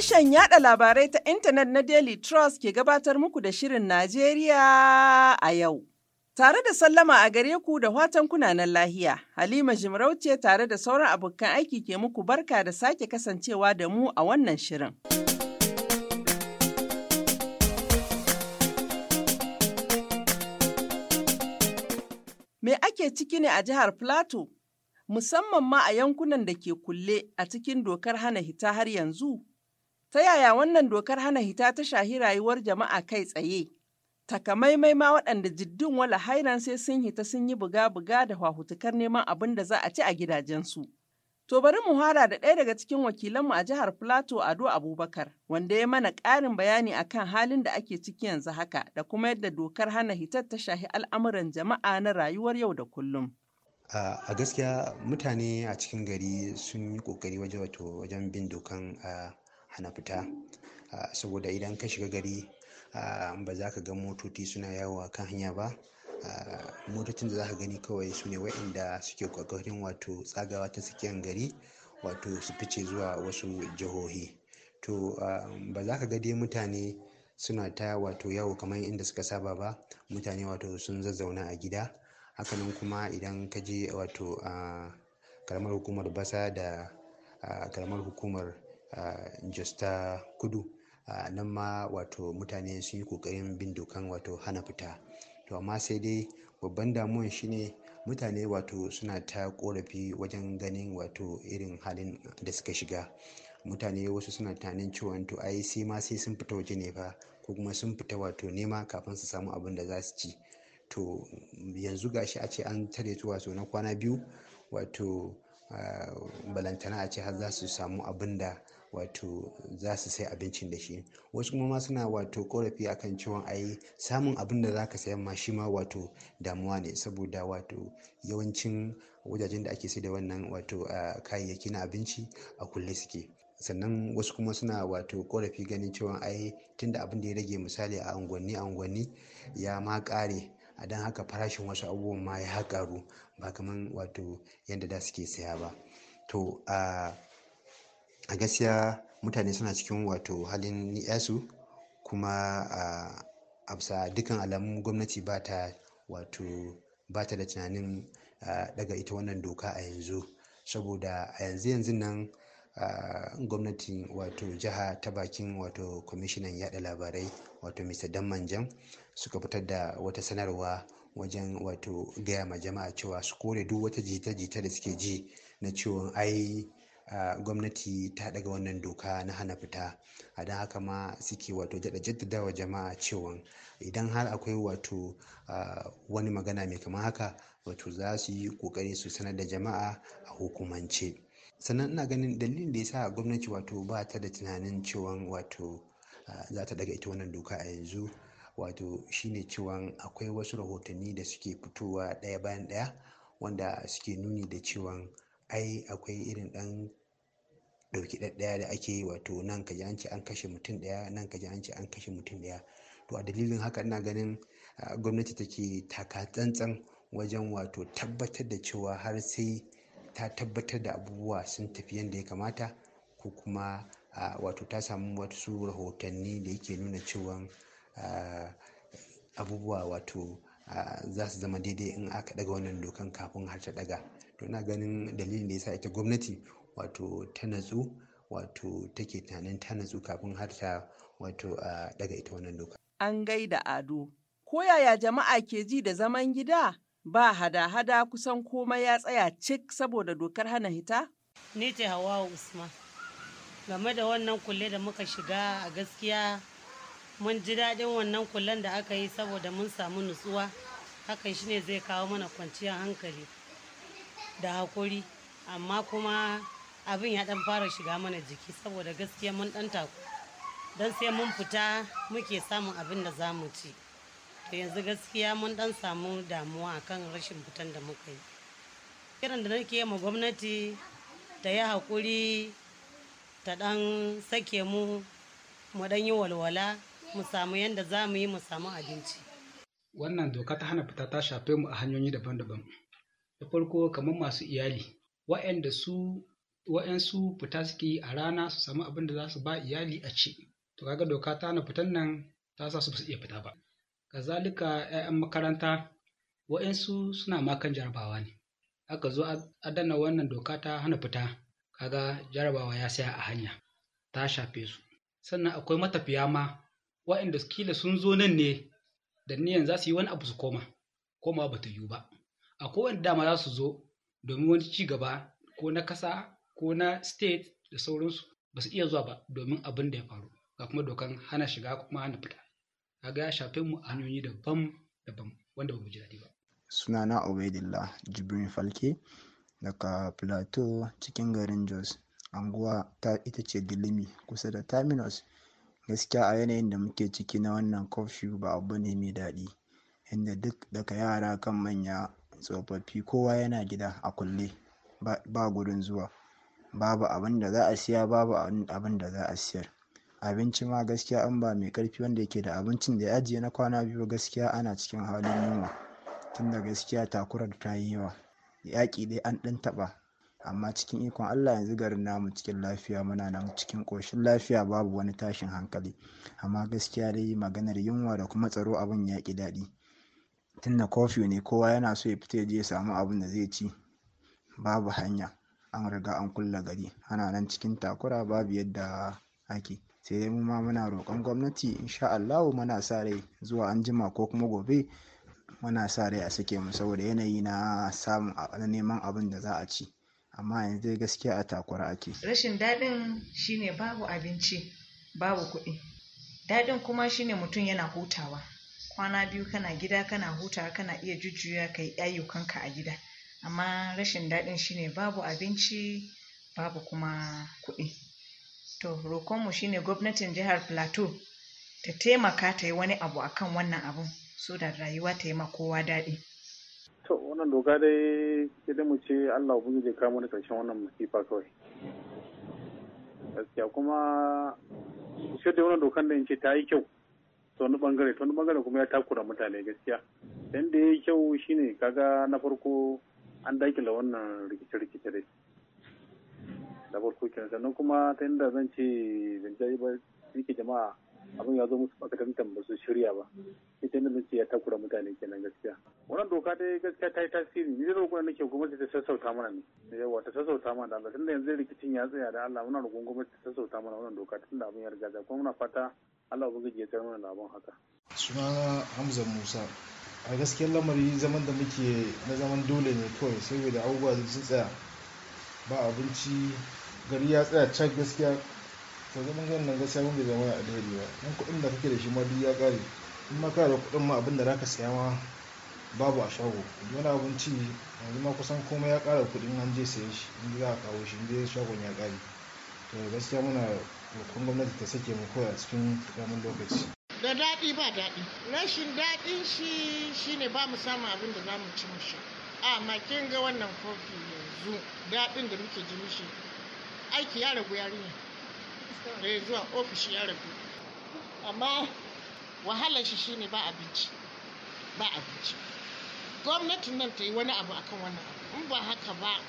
Sashen yada labarai ta intanet na Daily Trust ke gabatar muku da Shirin Najeriya a yau. Tare da sallama a gare ku da watan kunanan lahiya, Halima Jimarauce tare da sauran abokan aiki ke muku barka da sake kasancewa da mu a wannan shirin. Me ake ciki ne a jihar Plateau, musamman ma a yankunan da ke kulle a cikin dokar hana hita har yanzu? Ta yaya wannan dokar hana hita ta shahi rayuwar jama'a kai tsaye? Takamaimai ma waɗanda jiddin wala hairan sai sun hita sun yi buga-buga da hwahutukar neman abin da za a ci a gidajensu. To bari mu hara da ɗaya daga cikin wakilanmu a jihar Plateau Ado Abubakar, wanda ya mana ƙarin bayani akan halin da ake ciki yanzu haka da kuma yadda dokar hana hitar ta shahi al'amuran jama'a na rayuwar yau da kullum. a gaskiya mutane a cikin gari sun yi kokari wajen wajen bin dokan hana fita saboda idan ka shiga gari ba za ka ga motoci suna yawo a kan hanya ba motocin da za ka gani kawai su ne suke kwakwarin wato tsagawa ta tsakiyar gari wato su fice zuwa wasu jihohi to ba za ka ga dai mutane suna ta wato yawo kamar inda suka saba ba mutane wato sun zazzauna a gida hakanan kuma idan ka je wato karamar hukumar basa da karamar hukumar jos kudu nan ma wato mutane sun yi kokarin bin dokan wato hana fita to amma sai dai babban damuwan shine mutane wato suna ta korafi wajen ganin wato irin halin da suka shiga mutane wasu suna tunanin cewa to ai sai ma sai sun fita waje ne fa ko kuma sun fita wato nema kafin su samu abin da za su ci to yanzu gashi a ce an tare su so na kwana biyu wato balantana a ce har za su samu abin da wato za su sai abincin da shi wasu kuma ma suna wato korafi akan cewa ai samun abin da za ka sayan ma shi ma wato damuwa ne saboda wato yawancin wajajen da ake sai da wannan wato kayayyaki na abinci a kulle suke sannan wasu kuma suna wato korafi ganin cewa ai tunda abin da ya rage misali a unguwanni a unguwanni ya ma kare a don haka farashin wasu abubuwan ma ya karu ba kaman wato yadda da suke saya ba to a a gaskiya mutane suna cikin wato halin ni'yasu kuma a bisa dukkan alamun gwamnati ba ta wato ba ta da tunanin daga ita wannan doka a yanzu saboda a yanzu yanzu nan gwamnati wato jiha ta bakin wato kwamishinan yada labarai wato mr dammanjan suka fitar da wata sanarwa wajen wato gaya ma jama'a cewa su kore duk wata jita-jita da suke ji na ciwon ai gwamnati ta daga wannan doka na hana fita a don haka ma suke wato jaddada wa jama'a cewa idan har akwai wato wani magana mai kama haka wato za su yi kokari su sanar da jama'a a hukumance sannan ina ganin dalilin da ya sa gwamnati wato ba ta da tunanin cewa wato za ta daga ita wannan doka a yanzu wato shine cewa akwai wasu rahotanni da suke fitowa ɗaya bayan ɗaya wanda suke nuni da cewa ai akwai irin ɗan ɗauki ɗaya da ake yi wato nan ka ji an ce an kashe mutum ɗaya nan ka ji an ce an kashe mutum ɗaya to a dalilin haka ina ganin gwamnati take taka tsantsan wajen wato tabbatar da cewa har sai ta tabbatar da abubuwa sun tafi yadda ya kamata ko kuma wato ta samu wasu rahotanni da yake nuna cewa abubuwa wato za su zama daidai in aka ɗaga wannan dokan kafin har ta ɗaga to ina ganin dalilin da yasa ita gwamnati wato ta natsu wato take tunanin ta natsu kafin har ta wato a daga ita wannan doka. An gaida ado. Ko yaya jama'a ke ji da zaman gida? Ba hada-hada kusan komai ya tsaya cik saboda dokar hana hita? Ni ce Hawa Usman. Game da wannan kulle da muka shiga a gaskiya mun ji daɗin wannan kullen da aka yi saboda mun samu nutsuwa hakan shine zai kawo mana kwanciyar hankali da haƙuri, amma kuma abin ya dan fara shiga mana jiki saboda gaskiya mun dan taku don sai mun fita muke samun abin da za mu ci to yanzu gaskiya mun dan samu damuwa akan rashin fitan da muka yi kiran da nake ma gwamnati ta yi haƙuri ta dan sake mu mu dan yi walwala mu samu yadda za mu yi mu samu abinci wannan doka ta hana fita ta shafe mu a hanyoyi daban-daban da farko kamar masu iyali waɗanda su wa'yansu fita suke yi a rana su samu abin da za su ba iyali a ci to kaga doka ta na fitan nan ta sa su ba su iya fita ba kazalika 'ya'yan makaranta waɗansu suna makan jarabawa ne aka zo a danna wannan doka ta hana fita kaga jarabawa ya saya a hanya ta shafe su sannan akwai matafiya ma wa'inda kila sun zo nan ne da niyan za su yi wani abu su koma koma ba ta yiwu ba akwai wanda dama za su zo domin wani ci gaba ko na kasa ko na state da sauransu ba su iya zuwa ba domin abin da ya faru ga kuma dokan hana shiga kuma hana fita ga ya shafe mu a hanyoyi daban-daban wanda ba mu ji daɗi ba sunana obaidillah Jibrin Falke daga Plateau cikin garin Jos anguwa ta ita ce Dilimi kusa da Terminus gaskiya a yanayin da muke ciki na wannan curfew ba abu ne mai daɗi inda duk daga yara kan manya tsofaffi kowa yana gida a kulle ba gudun zuwa babu abin da za a siya babu abin da za a siyar abinci ma gaskiya an ba mai karfi wanda yake da abincin da ya ajiye na kwana biyu gaskiya ana cikin halin yunwa tunda gaskiya takurar ta yi yawa yaƙi dai an ɗan taɓa amma cikin ikon Allah yanzu garin namu cikin lafiya muna nan cikin ƙoshin lafiya babu wani tashin hankali amma gaskiya dai maganar yunwa da kuma tsaro abin yaƙi daɗi tunda kofi ne kowa yana so ya fita ya je ya samu abin da zai ci babu hanya an riga an kulle gari ana nan cikin takura babu yadda ake sai dai mu ma muna roƙon gwamnati insha Allahu muna sa rai zuwa anjima ko kuma gobe muna sa rai a sake mu saboda yanayi na samun na neman abin da za a ci amma yanzu dai gaskiya a takura ake rashin daɗin shine babu abinci babu kuɗi daɗin kuma shine mutum yana hutawa kwana biyu kana gida kana hutawa kana iya jujjuya kai ayyukanka a gida amma rashin daɗin shine babu abinci babu kuma kuɗi to roƙonmu shine gwamnatin jihar plateau ta taimaka ta yi wani abu akan wannan abun so da rayuwa ta yi ma kowa daɗi to wannan doka dai sai mu ce allah ubangi zai kawo mana ƙarshen wannan masifa kawai gaskiya kuma sai da wannan dokan da in ce ta yi kyau ta wani bangare ta wani bangare kuma ya takura mutane gaskiya yanda ya yi kyau shine kaga na farko an dakila wannan rikice-rikice dai da farko kenan sannan kuma ta inda zan ce zanjayi ba ke jama'a abin ya zo musu makarantar ba su shirya ba ita inda zan ce ya takura mutane kenan gaskiya wannan doka dai gaskiya ta yi tasiri ni zai roƙon nake gwamnati ta sassauta mana ne yawa ta sassauta mana da Allah tunda yanzu rikicin ya tsaya da Allah muna roƙon gwamnati ta sassauta mana wannan doka tunda abin ya riga da kuma muna fata Allah ubangiji ya tsare mana da abin haka suna Hamza Musa a gaskiyar lamari zaman da muke na zaman dole ne kawai saboda abubuwa sun tsaya ba abinci gari ya tsaya cak gaskiya to zaman ganin nan gaskiya mun bai zama a alheri ba dan kuɗin da kake da shi ma duk ya ƙare in ma kana da kuɗin ma abin da zaka saya ma babu a shago wani abinci yanzu ma kusan komai ya ƙara kuɗin an je saye shi in za a kawo shi in dai shagon ya kare to gaskiya muna roƙon gwamnati ta sake mu kawai a cikin ƙaramin lokaci da daɗi ba daɗi rashin daɗin shi shine ba mu samu abin da za mu ci mashi. a makin ga wannan kofi yanzu daɗin da muke ji mishi aiki ya ragu yarinya eh zuwa ofishi ya ragu amma wahalar shi shine ba abinci ba abinci gwamnatin nan ta yi wani abu akan wannan abu in ba haka ba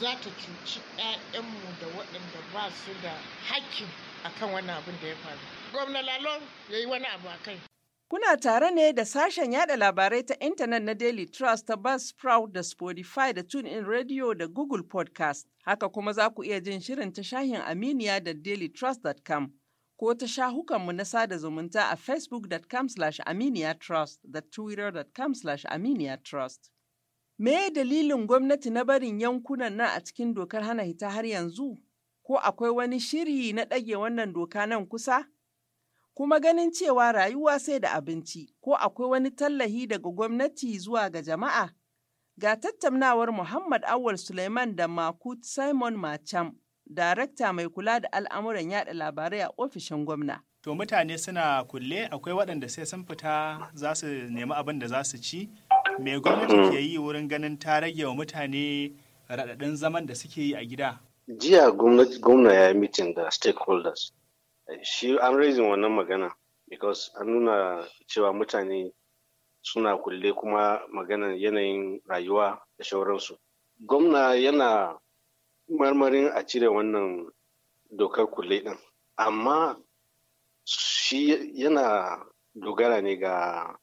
za ta cuci 'ya'yanmu da waɗanda ba su da hakkin akan wannan abin da ya faru gwamna Lalo ya yi wani abu a kai Kuna tare ne da sashen yada labarai ta intanet na Daily Trust ta Buzzsprout da Spotify da TuneIn Radio da Google Podcast. Haka kuma za ku iya jin shirin ta shahin Aminiya da dailytrust.com ko ta shahukanmu na sada zumunta a facebook.com slash aminiyatrust da twitter.com slash aminiyatrust. Me dalilin gwamnati na barin yankunan nan a cikin dokar hana hita har yanzu? ko akwai wani shiri na ɗage wannan doka nan kusa? Kuma ganin cewa rayuwa sai da abinci, ko akwai wani tallahi daga gwamnati zuwa ga jama'a? Ga tattaunawar Muhammad Awal Suleiman da Makut Simon Macham, darakta mai kula da al'amuran yada labarai a ofishin gwamna. To mutane suna kulle akwai waɗanda sai sun fita za su nemi abin da za su ci. Me gwamnati hmm. ke yi wurin ganin ta rage wa mutane raɗaɗin zaman da suke yi a gida jiya gwamna ya yi mitin da stakeholders eh, shi an raising wannan magana because an nuna cewa mutane suna kulle kuma maganan yanayin rayuwa da shauransu gwamna yana marmarin a cire wannan dokar kulle din amma shi yana dogara ne ga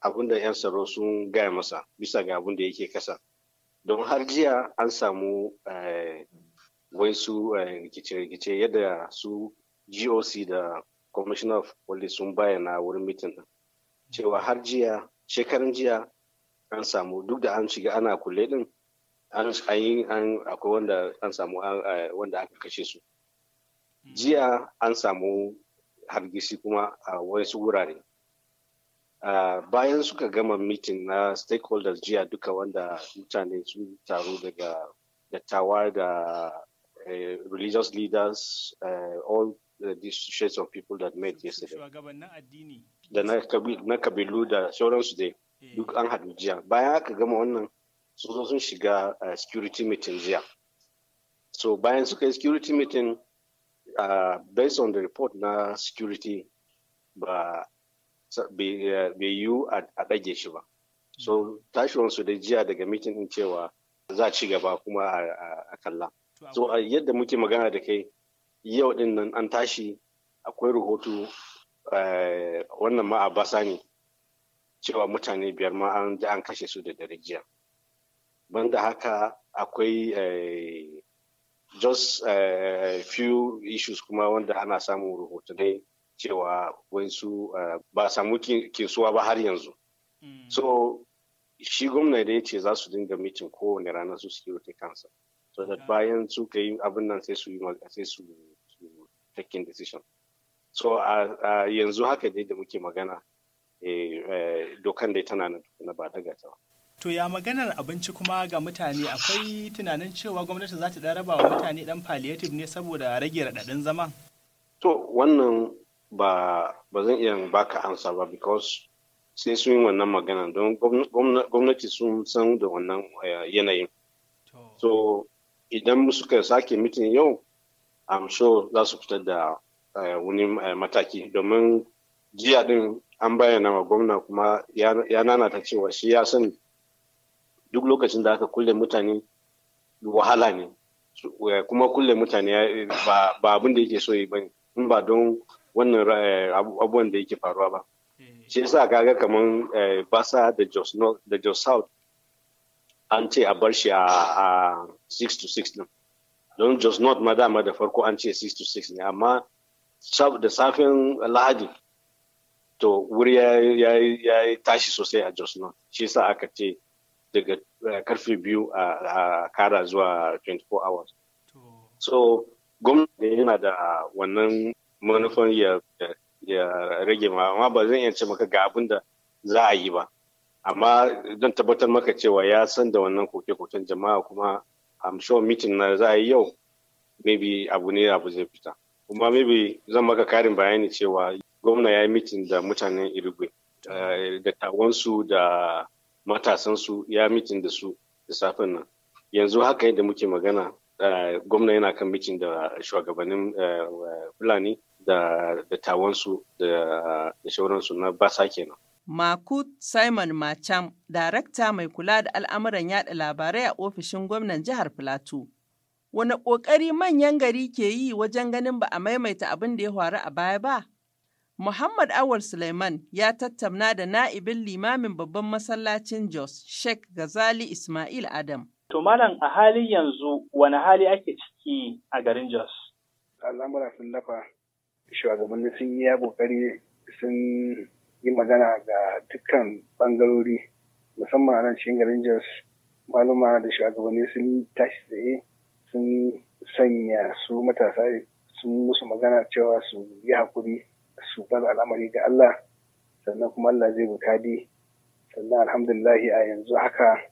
abin da 'yan tsaro sun gaya masa bisa ga abin da yake kasa don har jiya an samu eh, wai su eh, rikice-rikice yadda su GOC da Commissioner of Police sun bayyana wurin mitin din. Cewa har jiya, shekaran jiya an samu duk da an shiga ana kulle din an yi an akwai wanda an samu eh, wanda aka kashe su. Hmm. Jiya an samu hargisi kuma a wasu wurare. bayan suka gama mitin na stakeholders jiya duka wanda mutane sun taru daga dattawa da Uh, religious leaders, uh, all uh, these shades of people that met yesterday. Da na kabilu da sauransu dai eh. duk an hadu jiya. Bayan aka gama wannan sun zo sun shiga security meeting jiya. So bayan suka security meeting uh, based on the report na security ba bai yiwu a ɗage shi ba. So hmm. tashiwansu da jiya daga meeting ɗin cewa za shiga ci gaba kuma a kalla. So a yadda muke magana da kai yau din nan an tashi akwai rahoto eh, wannan ma a basa ne cewa mutane biyar ma an da an kashe su da dare jiya. Banda haka akwai eh, just a eh, few issues kuma wanda ana samun ne cewa wasu ba samu suwa ba har yanzu. Hmm. So shi gwamna da ya ce za su dinga mitin kowane rana su wata kansa. so that bayan su ka yi abin nan sai su yi sai su taking decision so a yanzu haka dai da muke magana eh, eh, dokan dai tana na ba daga ta to ya maganar abinci kuma ga mutane akwai tunanin cewa gwamnati za ta raba wa mutane dan palliative ne saboda rage raɗaɗin zaman to wannan ba zan iya baka ansa ba because sai sun yi wannan magana don gwamnati sun san da wannan eh, yanayin To idan suka sake mitin yau am sure za su fitar da eh, wani eh, mataki domin jiya din an bayyana wa gwamna kuma ya nanata cewa shi ya sani duk lokacin da aka kulle mutane wahala ne eh, kuma kulle mutane ba abin da yake so yi bane in ba don wannan abubuwan da yake faruwa ba shi yasa kaga kaman basa da jos south an ce a bar shi a 6 6 din don just not ma dama da farko an ce 6 6 ne amma da safin lahadi to wuri ya yi tashi sosai a just not shi sa aka ce daga eh, karfe biyu a kara zuwa 24 hours so gwamnati yana da wannan manufan ya rage ma amma ba zan iya ce maka ga abin da za a yi ba amma zan tabbatar maka cewa ya san da wannan koke-koken jama'a kuma am sure meeting na za a yi yau maybe abu ne abu zai fita kuma maybe zan maka karin bayani cewa gwamna ya yi meeting da mutanen irigwe eh, da tawonsu da matasansu ya mitin da su da safin nan yanzu haka yadda muke magana eh, gwamna yana kan mitin da shugabannin eh, fulani da tawonsu da shauransu na basa kenan Makut Simon Macham, darakta mai kula da al'amuran yaɗa labarai a ofishin gwamnan jihar Filato. Wani ƙoƙari manyan gari ke yi wajen ganin ba a maimaita abin da ya faru a baya ba? Muhammad Awal Suleiman ya tattauna da na'ibin limamin babban masallacin Jos, Sheikh Ghazali Ismail Adam. To malam a halin yanzu wani hali ake ciki a garin Jos? Al'amura sun lafa, shugabanni sun yi ya ƙoƙari sun yi magana ga dukkan bangarori musamman a nan cikin garin jos maluma da shugabanni sun tashi tsaye sun sanya su matasa sun musu magana cewa su yi hakuri su bar al'amari ga Allah sannan kuma Allah zai bukadi sannan alhamdulillahi a yanzu haka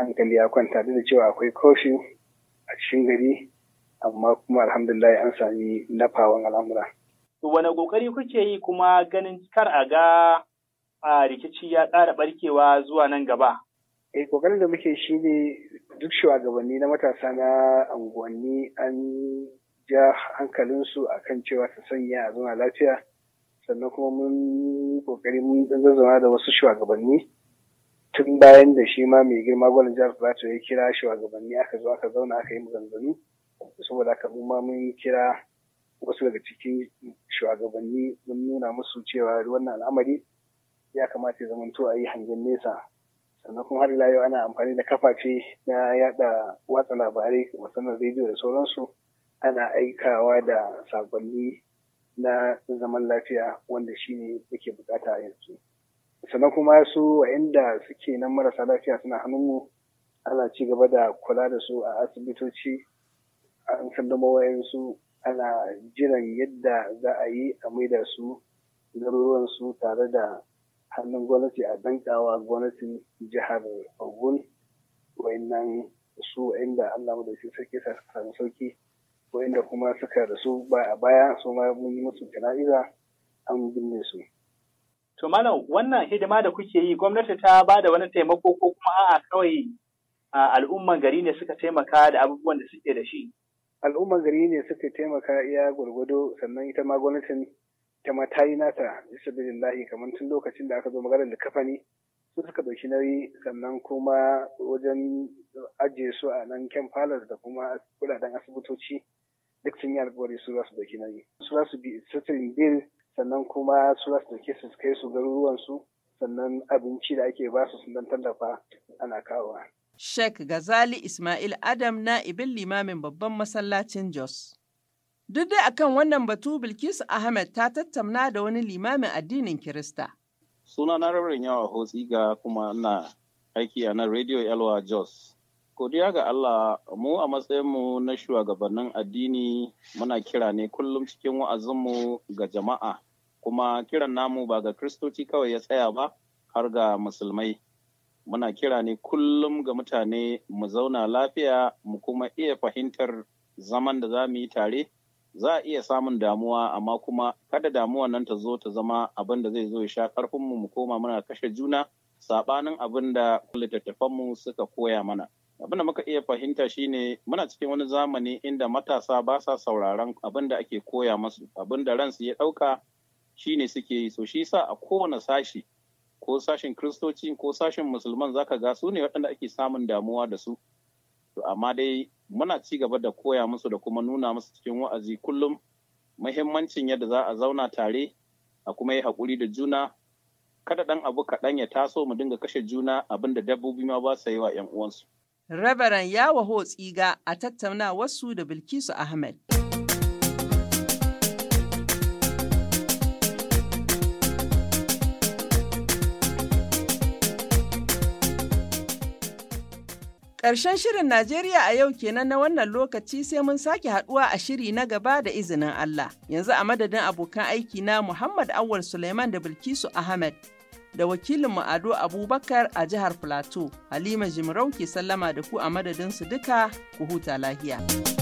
hankali ya kwanta duk da cewa akwai kofi a cikin gari amma kuma alhamdulillahi an sami nafawan al'amura. wane ƙoƙari kuke yi kuma ganin kar a ga a rikici ya ƙara ɓarkewa zuwa nan gaba? Eh, ƙoƙarin da muke shi ne duk shugabanni na matasa na unguwanni an ja hankalinsu a kan cewa su sanya a zama lafiya, sannan kuma mun ƙoƙari mun zazzama da wasu shugabanni tun bayan da shi ma mai girma gwalin jihar Plateau ya kira shugabanni aka zo aka zauna aka yi maganganu saboda haka mu ma mun kira wasu daga cikin shugabanni sun nuna musu cewa wannan al'amari ya kamata ya to a yi hangen nesa sannan kuma har yau ana amfani da kafafe na yada watsa labarai musamman rediyo da sauransu ana aikawa da sakonni na zaman lafiya wanda shi ne yake bukata yanzu sannan kuma su wa'inda suke nan marasa lafiya suna hannunmu ana ci gaba da kula da su a asibitoci an sallama wayansu ana jiran yadda za a yi a maida su garuruwan su tare da hannun gwamnati a dankawa gwamnatin jihar ogun wayannan su inda allah da shi sarki sami samu sauki wayanda kuma suka rasu ba a baya su ma mun yi musu jana'iza an binne su to malam wannan hidima da kuke yi gwamnati ta ba da wani taimako ko kuma a'a kawai al'umman gari ne suka taimaka da abubuwan da suke da shi al'ummar gari ne suka taimaka iya gwargwado sannan ita ma gwamnatin ta ma tayi nata bisa billahi kamar tun lokacin da aka zo maganar da kafani su suka ɗauki nauyi sannan kuma wajen ajiye su a nan kyan palace da kuma kudaden asibitoci duk sun yi alkawari su za su ɗauki nauyi su za su bi sutirin bil sannan kuma su za su ɗauke su kai su garuruwansu sannan abinci da ake ba su sun tallafa ana kawowa Sheikh Gazali Ismail Adam na na'ibin limamin babban masallacin Jos. Duk dai akan wannan batu Bilkisu Ahmed ta tattauna da wani limamin addinin Kirista. Suna na rabarin yawa hotsiga kuma na aiki a nan Radio Elwa Jos. Godiya ga Allah mu a matsayinmu na shugabannin addini muna kira ne kullum cikin wa'azinmu ga jama'a kuma kiran namu ba ga Kiristoci kawai ya tsaya ba har ga musulmai. muna kira ne kullum ga mutane mu zauna lafiya mu kuma iya fahimtar zaman da za mu yi tare za a iya samun damuwa amma kuma kada damuwa nan ta zo ta zama abin da zai zo ya sha karfinmu mu koma muna kashe juna sabanin abin da littattafanmu suka koya mana abin da muka iya fahimta shine muna cikin wani zamani inda matasa ba sa sauraron abin da ake koya masu abin da ransu ya ɗauka shine suke yi so shi sa a kowane sashi ko sashen kristoci ko sashen musulman zaka ga su ne waɗanda ake samun damuwa da su to amma dai muna ci gaba da koya musu da kuma nuna musu cikin wa'azi kullum muhimmancin yadda za a zauna tare a kuma yi haƙuri da juna kada ɗan abu kaɗan ya taso mu dinga kashe juna abin da dabbobi ma ba su yi wa 'yan uwansu. Rabaran Yawa Ho Tsiga a tattauna wasu da Bilkisu Ahmed. Ƙarshen shirin Najeriya a yau kenan na wannan lokaci sai mun sake haɗuwa a shiri na gaba da izinin Allah. Yanzu a madadin abokan aiki na Muhammad Awal Suleiman da Bilkisu Ahmed da wakilinmu Ado Abubakar a jihar Plateau, Halima Jimarau ke sallama da ku a madadinsu duka ku huta lahiya.